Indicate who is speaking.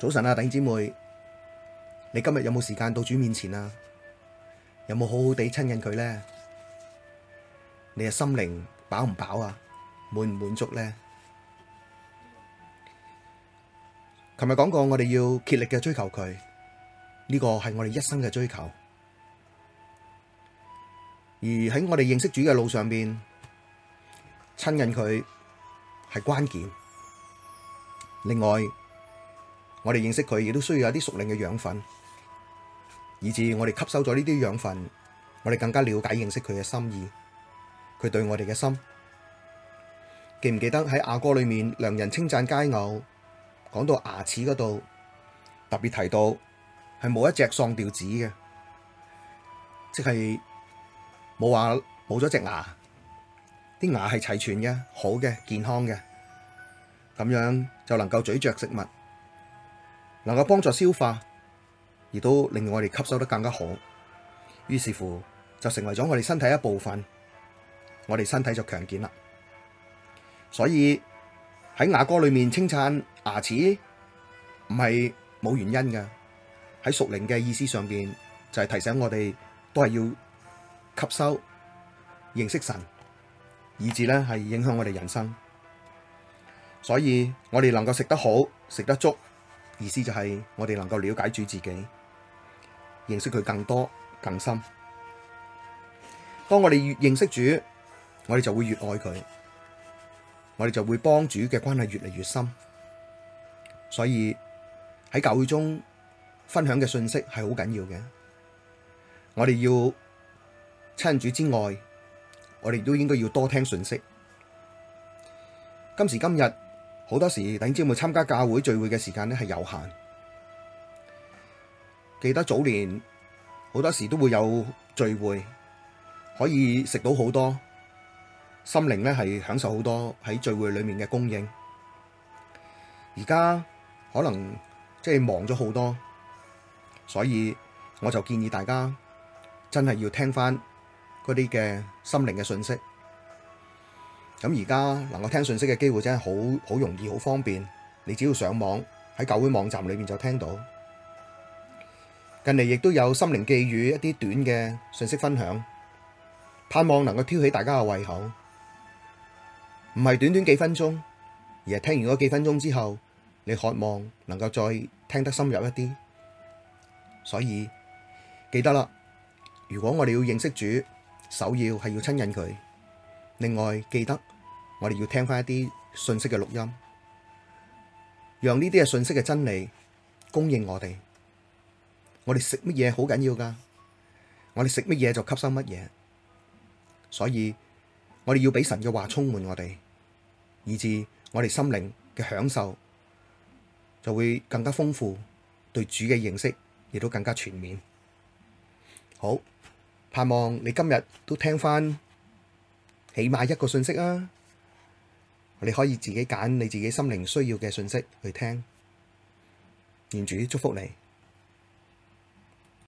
Speaker 1: 早晨啊，弟兄姊妹，你今日有冇時間到主面前啊？有冇好好地親近佢呢？你嘅心靈飽唔飽啊？滿唔滿足呢？琴日講過，我哋要竭力嘅追求佢，呢個係我哋一生嘅追求。而喺我哋認識主嘅路上邊，親近佢係關鍵。另外，我哋認識佢，亦都需要一啲屬靈嘅養分，以致我哋吸收咗呢啲養分，我哋更加了解認識佢嘅心意，佢對我哋嘅心。記唔記得喺雅歌裏面，良人稱讚佳偶，講到牙齒嗰度，特別提到係冇一隻喪掉子嘅，即係冇話冇咗隻牙，啲牙係齊全嘅，好嘅，健康嘅，咁樣就能夠咀嚼食物。能夠幫助消化，亦都令我哋吸收得更加好。於是乎，就成為咗我哋身體一部分，我哋身體就強健啦。所以喺雅歌裏面稱讚牙齒，唔係冇原因嘅。喺屬靈嘅意思上邊，就係、是、提醒我哋都係要吸收、認識神，以至咧係影響我哋人生。所以我哋能夠食得好、食得足。意思就係我哋能夠了解主自己，認識佢，更多更深。當我哋越認識主，我哋就會越愛佢，我哋就會幫主嘅關係越嚟越深。所以喺教會中分享嘅信息係好緊要嘅。我哋要親主之外，我哋都應該要多聽信息。今時今日。好多時，等住我參加教會聚會嘅時間咧係有限。記得早年好多時都會有聚會，可以食到好多，心靈咧係享受好多喺聚會裏面嘅供應。而家可能即係忙咗好多，所以我就建議大家真係要聽返嗰啲嘅心靈嘅訊息。咁而家能夠聽信息嘅機會真係好好容易，好方便。你只要上網喺教會網站裏面就聽到。近嚟亦都有心靈寄語一啲短嘅信息分享，盼望能夠挑起大家嘅胃口。唔係短短幾分鐘，而係聽完嗰幾分鐘之後，你渴望能夠再聽得深入一啲。所以記得啦，如果我哋要認識主，首要係要親近佢。另外記得。我哋要聽翻一啲信息嘅錄音，讓呢啲嘅信息嘅真理供應我哋。我哋食乜嘢好緊要㗎，我哋食乜嘢就吸收乜嘢，所以我哋要俾神嘅話充滿我哋，以致我哋心靈嘅享受就會更加豐富，對主嘅認識亦都更加全面。好，盼望你今日都聽翻，起碼一個信息啊！你可以自己揀你自己心靈需要嘅信息，去聽，願主祝福你。